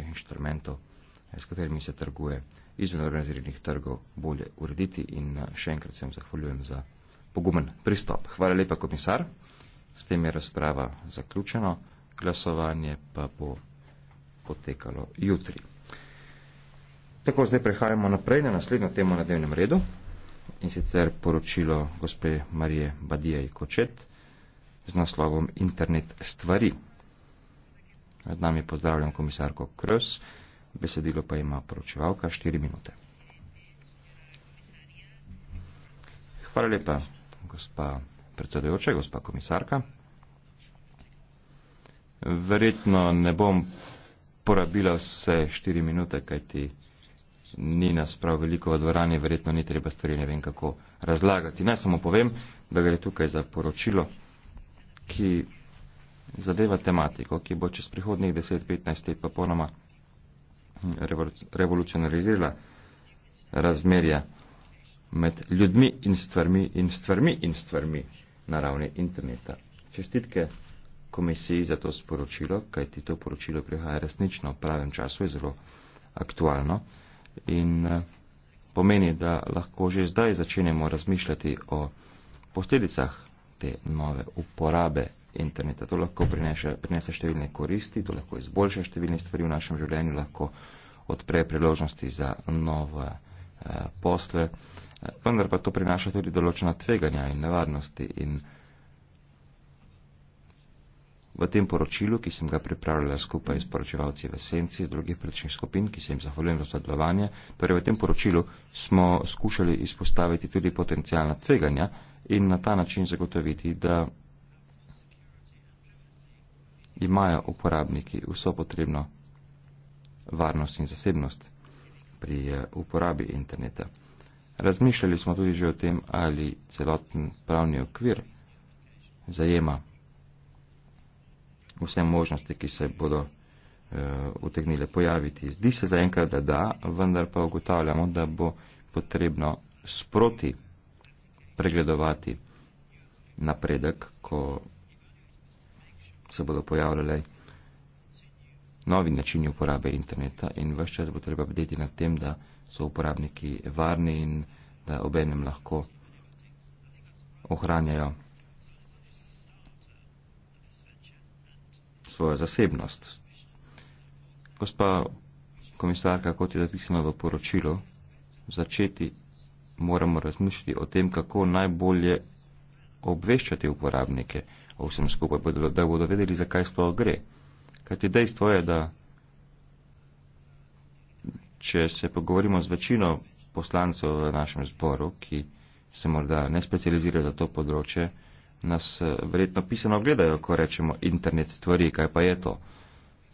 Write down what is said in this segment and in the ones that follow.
inštrumentov, eh, s katerimi se trguje izven organiziranih trgov bolje urediti in eh, še enkrat se vam zahvaljujem za pogumen pristop. Hvala lepa, komisar. S tem je razprava zaključeno, glasovanje pa bo potekalo jutri. Tako zdaj prehajamo naprej na naslednjo temo na dnevnem redu in sicer poročilo gospe Marije Badije Kočet z naslovom Internet stvari. Med nami pozdravljam komisarko Krs, besedilo pa ima poročevalka 4 minute. Hvala lepa, gospa predsedujoča, gospa komisarka. Verjetno ne bom porabila vse 4 minute, kajti ni nas prav veliko v dvorani, verjetno ni treba stvari ne vem kako razlagati. Naj samo povem, da gre tukaj za poročilo, ki zadeva tematiko, ki bo čez prihodnih 10-15 let popolnoma revolucionarizirala razmerja med ljudmi in stvarmi in stvarmi in stvarmi na ravni interneta. Čestitke komisiji za to sporočilo, kajti to poročilo prihaja resnično v pravem času, je zelo aktualno in pomeni, da lahko že zdaj začenjamo razmišljati o posledicah te nove uporabe interneta. To lahko prinese, prinese številne koristi, to lahko izboljša številne stvari v našem življenju, lahko odpre priložnosti za nove eh, posle, eh, vendar pa to prinaša tudi določena tveganja in nevarnosti. In v tem poročilu, ki sem ga pripravljala skupaj s poročevalci v Senci, z drugih prečnih skupin, ki se jim zahvaljujem za sodelovanje, torej v tem poročilu smo skušali izpostaviti tudi potencijalna tveganja in na ta način zagotoviti, da imajo uporabniki vso potrebno varnost in zasebnost pri eh, uporabi interneta. Razmišljali smo tudi že o tem, ali celoten pravni okvir zajema vse možnosti, ki se bodo uh, utegnile pojaviti. Zdi se zaenkrat, da da, vendar pa ugotavljamo, da bo potrebno sproti pregledovati napredek, ko se bodo pojavljale novi načini uporabe interneta in vse čas bo treba bdeti nad tem, da so uporabniki varni in da obenem lahko ohranjajo svojo zasebnost. Gospa komisarka, kot je zapisano v poročilu, začeti moramo razmišljati o tem, kako najbolje obveščati uporabnike o vsem skupaj, da bodo vedeli, zakaj sploh gre. Kajti dejstvo je, da če se pogovorimo z večino poslancev v našem zboru, ki se morda ne specializirajo za to področje, nas eh, verjetno pisano gledajo, ko rečemo internet stvari, kaj pa je to.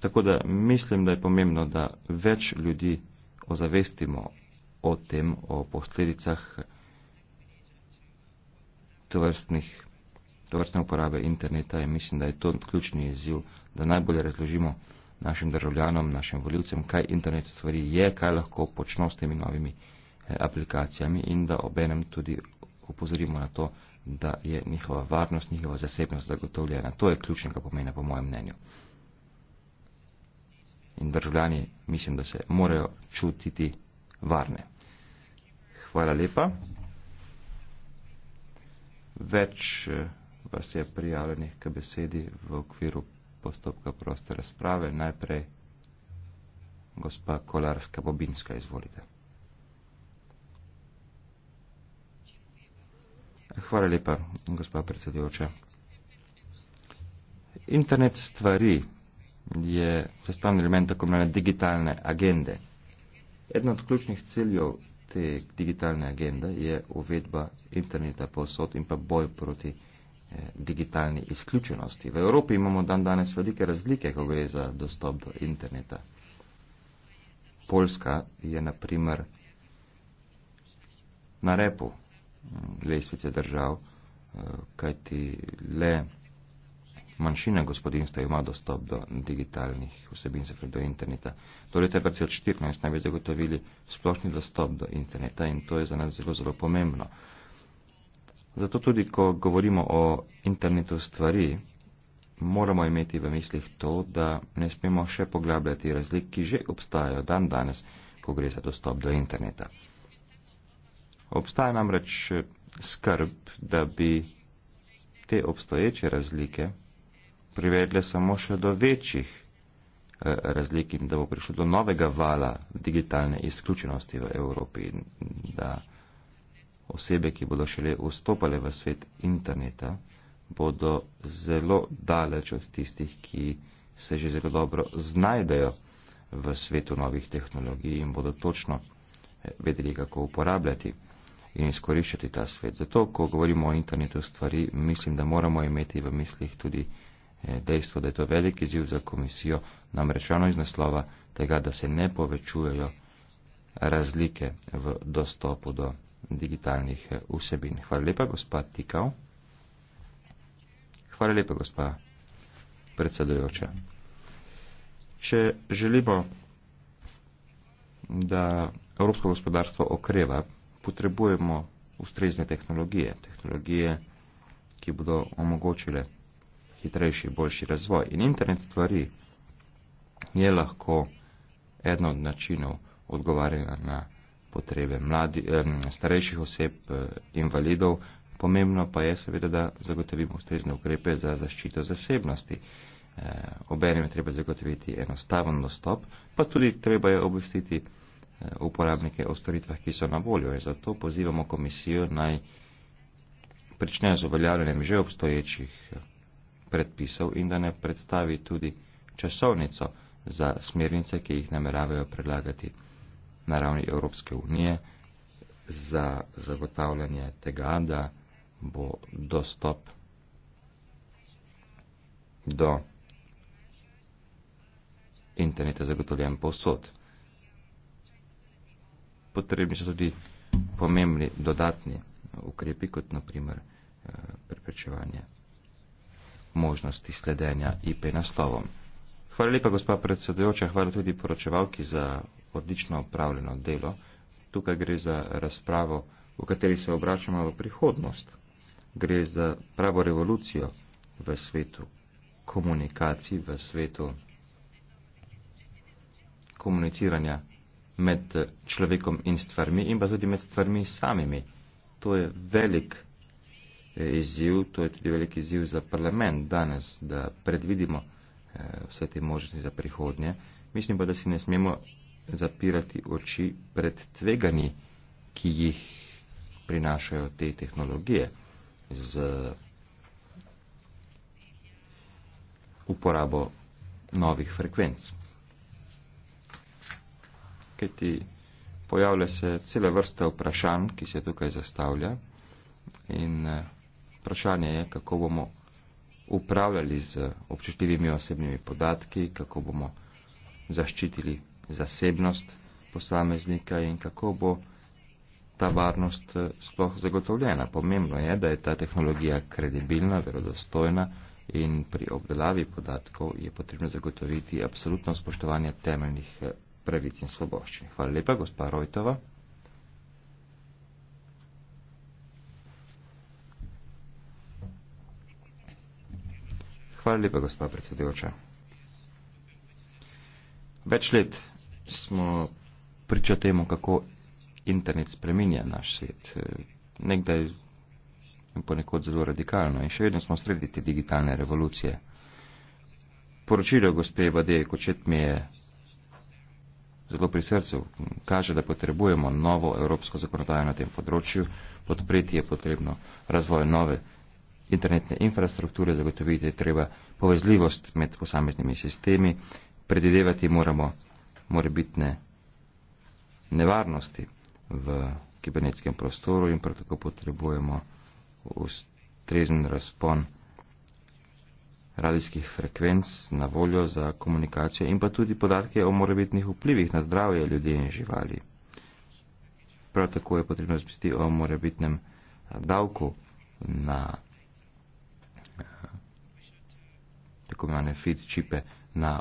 Tako da mislim, da je pomembno, da več ljudi ozavestimo o tem, o posledicah tovrstnih, tovrstne uporabe interneta in mislim, da je to ključni izziv, da najbolje razložimo našim državljanom, našim voljivcem, kaj internet stvari je, kaj lahko počno s temi novimi eh, aplikacijami in da obenem tudi upozorimo na to, da je njihova varnost, njihova zasebnost zagotovljena. To je ključnega pomena, po mojem mnenju. In državljani, mislim, da se morajo čutiti varne. Hvala lepa. Več eh, vas je prijavljenih k besedi v okviru postopka proste razprave. Najprej gospa Kolarska Bobinska, izvolite. Hvala lepa, gospa predsedujoča. Internet stvari je sestavni element tako imenovane digitalne agende. Eden od ključnih ciljev te digitalne agende je uvedba interneta povsod in pa boj proti eh, digitalni izključenosti. V Evropi imamo dan danes velike razlike, ko gre za dostop do interneta. Poljska je naprimer na repu mm, lesvice držav, eh, kajti le manjšina gospodinstva ima dostop do digitalnih vsebin, se pravi do interneta. Torej, te 2014 naj bi zagotovili splošni dostop do interneta in to je za nas zelo, zelo pomembno. Zato tudi, ko govorimo o internetu stvari, moramo imeti v mislih to, da ne smemo še poglabljati razlik, ki že obstajajo dan danes, ko gre za dostop do interneta. Obstaja namreč skrb, da bi te obstoječe razlike privedle samo še do večjih eh, razlik in da bo prišlo do novega vala digitalne izključenosti v Evropi in da osebe, ki bodo šele vstopale v svet interneta, bodo zelo daleč od tistih, ki se že zelo dobro znajdejo v svetu novih tehnologij in bodo točno eh, vedeli, kako uporabljati in izkoriščati ta svet. Zato, ko govorimo o internetu stvari, mislim, da moramo imeti v mislih tudi Eh, dejstvo, da je to veliki ziv za komisijo, namrečeno iz naslova tega, da se ne povečujejo razlike v dostopu do digitalnih eh, vsebin. Hvala lepa, gospa Tikal. Hvala lepa, gospa predsedujoča. Če želimo, da evropsko gospodarstvo okreva, potrebujemo ustrezne tehnologije, tehnologije, ki bodo omogočile hitrejši, boljši razvoj. In internet stvari je lahko eden od načinov odgovarjanja na potrebe mladi, starejših oseb, eh, invalidov. Pomembno pa je seveda, da zagotovimo ustrezne ukrepe za zaščito zasebnosti. Eh, obenem je treba zagotoviti enostaven dostop, pa tudi treba je obvestiti eh, uporabnike o storitvah, ki so na voljo. Zato pozivamo komisijo naj prične z uveljavljanjem že obstoječih predpisov in da ne predstavi tudi časovnico za smernice, ki jih nameravajo predlagati na ravni Evropske unije za zagotavljanje tega, da bo dostop do interneta zagotovljen povsod. Potrebni so tudi pomembni dodatni ukrepi, kot naprimer eh, preprečevanje možnosti sledenja IP naslovom. Hvala lepa, gospa predsedujoča, hvala tudi poročevalki za odlično upravljeno delo. Tukaj gre za razpravo, v kateri se obračamo v prihodnost. Gre za pravo revolucijo v svetu komunikacij, v svetu komuniciranja med človekom in stvarmi in pa tudi med stvarmi samimi. To je velik izziv, to je tudi veliki izziv za parlament danes, da predvidimo eh, vse te možnosti za prihodnje. Mislim pa, da si ne smemo zapirati oči pred tveganji, ki jih prinašajo te tehnologije z uporabo novih frekvenc. Kaj ti pojavlja se cela vrsta vprašanj, ki se tukaj zastavlja in eh, Vprašanje je, kako bomo upravljali z občutljivimi osebnimi podatki, kako bomo zaščitili zasebnost posameznika in kako bo ta varnost eh, sploh zagotovljena. Pomembno je, da je ta tehnologija kredibilna, verodostojna in pri obdelavi podatkov je potrebno zagotoviti absolutno spoštovanje temeljnih eh, pravic in sloboščin. Hvala lepa, gospa Rojtova. Hvala lepa, gospa predsedujoča. Več let smo priča temu, kako internet spreminja naš svet. Nekdaj in ponekod zelo radikalno in še vedno smo sredi te digitalne revolucije. Poročilo gospe Badeje Kočet mi je zelo pri srcu. Kaže, da potrebujemo novo evropsko zakonodajo na tem področju. Podpreti je potrebno razvoj nove internetne infrastrukture, zagotoviti je treba povezljivost med posameznimi sistemi, predvidevati moramo morebitne nevarnosti v kibernetskem prostoru in prav tako potrebujemo ustrezen razpon radijskih frekvenc na voljo za komunikacijo in pa tudi podatke o morebitnih vplivih na zdravje ljudi in živali. Prav tako je potrebno zmesti o morebitnem davku na tako imenovane feed čipe na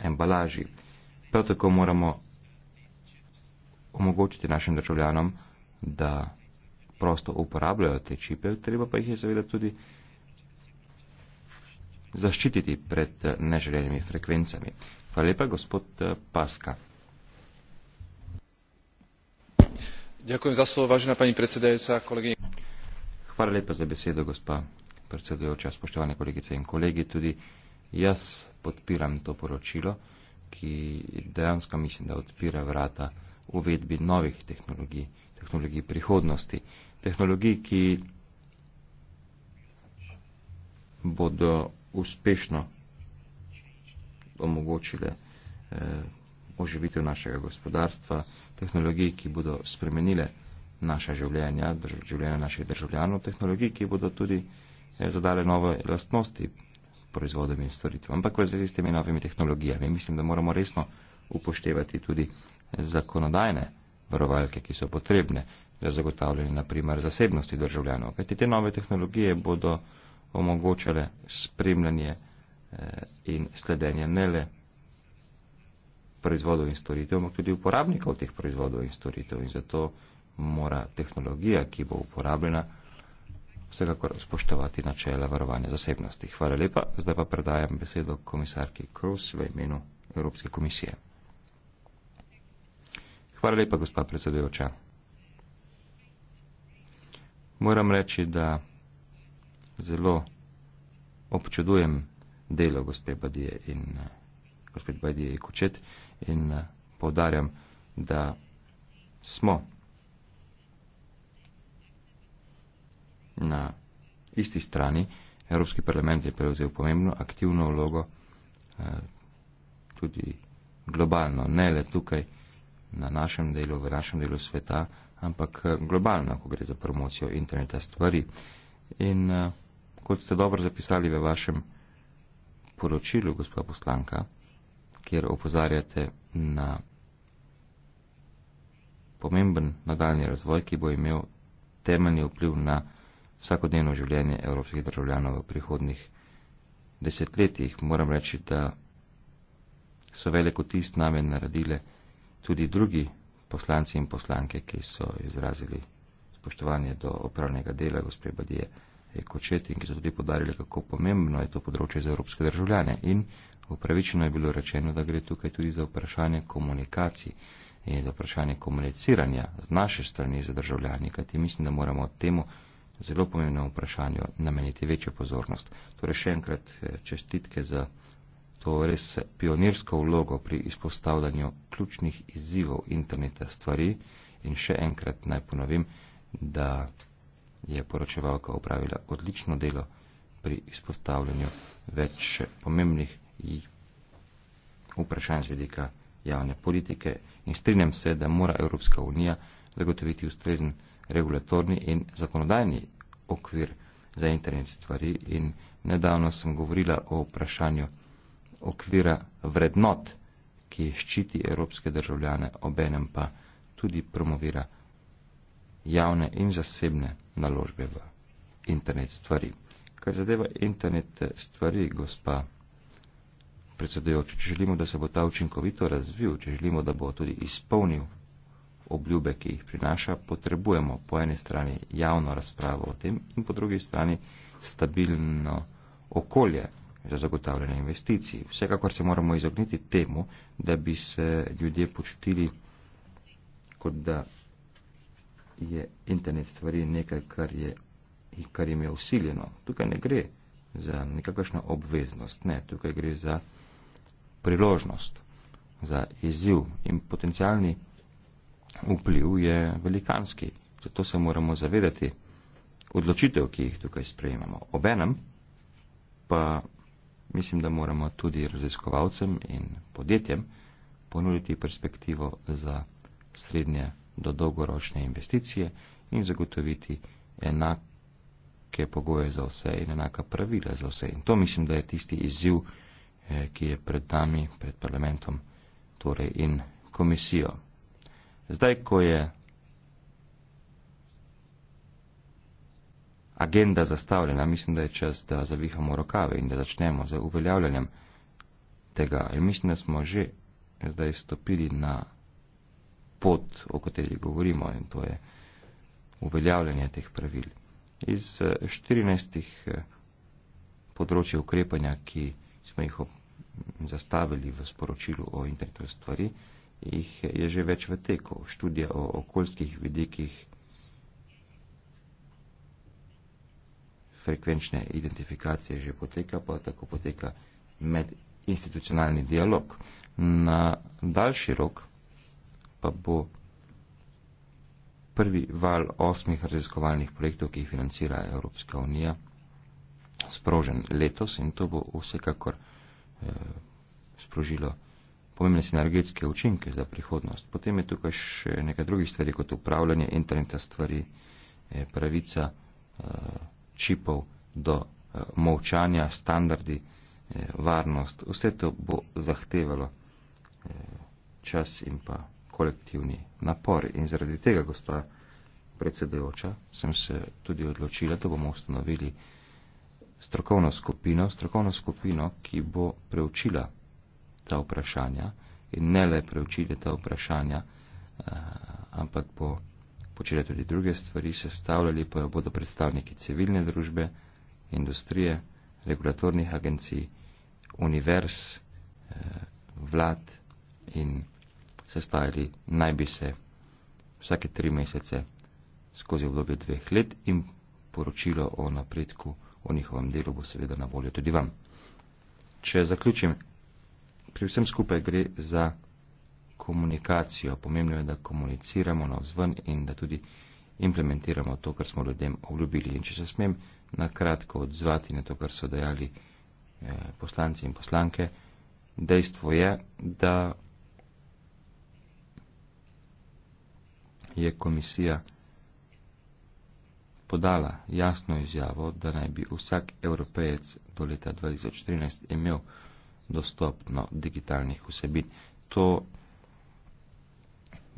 embalaži. Prav tako moramo omogočiti našim državljanom, da prosto uporabljajo te čipe, treba pa jih je seveda tudi zaščititi pred neželenimi frekvencami. Hvala lepa, gospod eh, Paska. Ďakujem za slovo, vážená pani predsedajúca, kolegyne. Hvala lepa za besedo, gospa predsedujoča, spoštovane kolegice in kolegi, tudi jaz podpiram to poročilo, ki dejansko mislim, da odpira vrata uvedbi novih tehnologij, tehnologij prihodnosti, tehnologij, ki bodo uspešno omogočile eh, oživitev našega gospodarstva, tehnologij, ki bodo spremenile naša življenja, življenja naših državljanov, tehnologij, ki bodo tudi eh, Eh, zadale nove lastnosti proizvodom in storitvam. Ampak v zvezi s temi novimi tehnologijami mislim, da moramo resno upoštevati tudi zakonodajne varovalke, ki so potrebne za zagotavljanje naprimer zasebnosti državljanov. Kajti te nove tehnologije bodo omogočale spremljanje eh, in sledenje ne le proizvodov in storitev, ampak tudi uporabnikov teh proizvodov in storitev. In zato mora tehnologija, ki bo uporabljena, vsekakor spoštovati načele varovanja zasebnosti. Hvala lepa. Zdaj pa predajam besedo komisarki Kroos v imenu Evropske komisije. Hvala lepa, gospa predsedujoča. Moram reči, da zelo občudujem delo gospe Badije in gospod Badije Kočet in eh, povdarjam, da smo Na isti strani Evropski parlament je prevzel pomembno aktivno vlogo eh, tudi globalno, ne le tukaj na našem delu, v našem delu sveta, ampak eh, globalno, ko gre za promocijo interneta stvari. In eh, kot ste dobro zapisali v vašem poročilu, gospod poslanka, kjer opozarjate na pomemben nadaljni razvoj, ki bo imel temeljni vpliv na vsakodnevno življenje evropskih državljanov v prihodnih desetletjih. Moram reči, da so veliko tist name naredile tudi drugi poslanci in poslanke, ki so izrazili spoštovanje do opravnega dela gospe Badije Kočet in ki so tudi podarili, kako pomembno je to področje za evropske državljane. In upravičeno je bilo rečeno, da gre tukaj tudi za vprašanje komunikacij in za vprašanje komuniciranja z naše strani za državljani, kajti mislim, da moramo temu zelo pomembnemu vprašanju nameniti večjo pozornost. Torej še enkrat eh, čestitke za to res vse pionirsko vlogo pri izpostavljanju ključnih izzivov interneta stvari in še enkrat naj ponovim, da je poročevalka upravila odlično delo pri izpostavljanju več pomembnih vprašanj z vidika javne politike in strinjam se, da mora Evropska unija zagotoviti ustrezen regulatorni in zakonodajni okvir za internet stvari in nedavno sem govorila o vprašanju okvira vrednot, ki ščiti evropske državljane, obenem pa tudi promovira javne in zasebne naložbe v internet stvari. Kar zadeva internet stvari, gospa predsedujoča, če želimo, da se bo ta učinkovito razvil, če želimo, da bo tudi izpolnil obljube, ki jih prinaša, potrebujemo po eni strani javno razpravo o tem in po drugi strani stabilno okolje za zagotavljanje investicij. Vsekakor se moramo izogniti temu, da bi se ljudje počutili, kot da je internet stvari nekaj, kar, je, kar jim je usiljeno. Tukaj ne gre za nekakšno obveznost, ne, tukaj gre za priložnost, za izziv in potencialni vpliv je velikanski. Zato se moramo zavedati odločitev, ki jih tukaj sprejemamo. Obenem pa mislim, da moramo tudi raziskovalcem in podjetjem ponuditi perspektivo za srednje do dolgoročne investicije in zagotoviti enake pogoje za vse in enaka pravila za vse. In to mislim, da je tisti izziv, eh, ki je pred nami, pred parlamentom torej in komisijo. Zdaj, ko je agenda zastavljena, mislim, da je čas, da zavihamo rokave in da začnemo z uveljavljanjem tega. In mislim, da smo že zdaj stopili na pot, o kateri govorimo, in to je uveljavljanje teh pravil. Iz 14 eh, eh, področij ukrepanja, ki smo jih zastavili v sporočilu o internetu stvari, jih je že več v teku, študija o okoljskih vidikih frekvenčne identifikacije že poteka, pa tako poteka med institucionalni dialog. Na daljši rok pa bo prvi val osmih raziskovalnih projektov, ki jih financira Evropska unija, sprožen letos in to bo vsekakor eh, sprožilo pomembne sinergetske učinke za prihodnost. Potem je tukaj še nekaj drugih stvari, kot upravljanje interneta stvari, eh, pravica eh, čipov do eh, molčanja, standardi, varnost. Vse to bo zahtevalo čas in pa kolektivni napor. In zaradi tega, gospa predsedujoča, sem se tudi odločila, da bomo ustanovili strokovno skupino, strokovno skupino, ki bo preučila ta vprašanja in ne le preučili ta vprašanja, eh, ampak bo počeli tudi druge stvari, sestavljali pa jo bodo predstavniki civilne družbe, industrije, regulatornih agencij, univerz, eh, vlad in sestavljali naj bi se vsake tri mesece skozi obdobje dveh let in poročilo o napredku o njihovem delu bo seveda na voljo tudi vam. Če zaključim pri vsem skupaj gre za komunikacijo. Pomembno je, da komuniciramo na vzven in da tudi implementiramo to, kar smo ljudem obljubili. In če se smem na kratko odzvati na to, kar so dejali eh, poslanci in poslanke, dejstvo je, da je komisija podala jasno izjavo, da naj bi vsak evropejec do leta 2013 imel dostopno digitalnih vsebin. To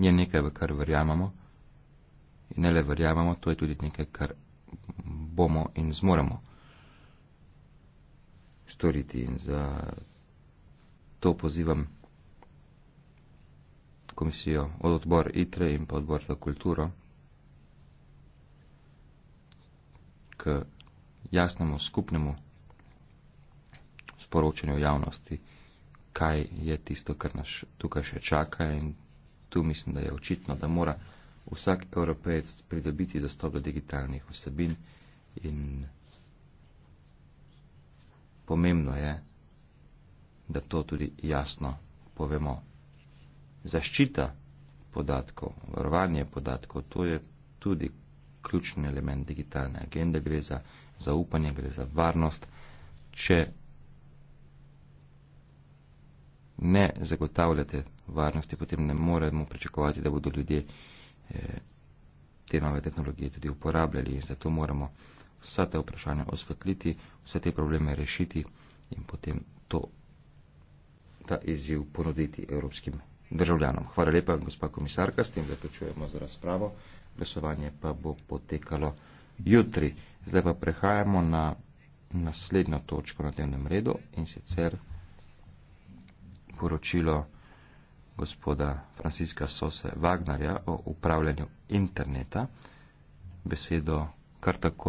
je nekaj, v kar verjamemo in ne le verjamemo, to je tudi nekaj, kar bomo in zmoremo storiti in za to pozivam komisijo od odbor ITRE in pa odbor za kulturo k jasnemu skupnemu sporočanju javnosti, kaj je tisto, kar nas tukaj še čaka in tu mislim, da je očitno, da mora vsak evropejec pridobiti dostop do digitalnih vsebin in pomembno je, da to tudi jasno povemo. Zaščita podatkov, varovanje podatkov, to je tudi ključni element digitalne agende, gre za zaupanje, gre za varnost. Če ne zagotavljate varnosti, potem ne moremo pričakovati, da bodo ljudje eh, te nove tehnologije tudi uporabljali. Zato moramo vsa te vprašanja osvetliti, vse te probleme rešiti in potem to, ta izziv ponuditi evropskim državljanom. Hvala lepa, gospa komisarka, s tem zaključujemo z razpravo. Glasovanje pa bo potekalo jutri. Zdaj pa prehajamo na naslednjo točko na dnevnem redu in sicer poročilo gospoda Franciska Sose Wagnerja o upravljanju interneta, besedo kar takoj.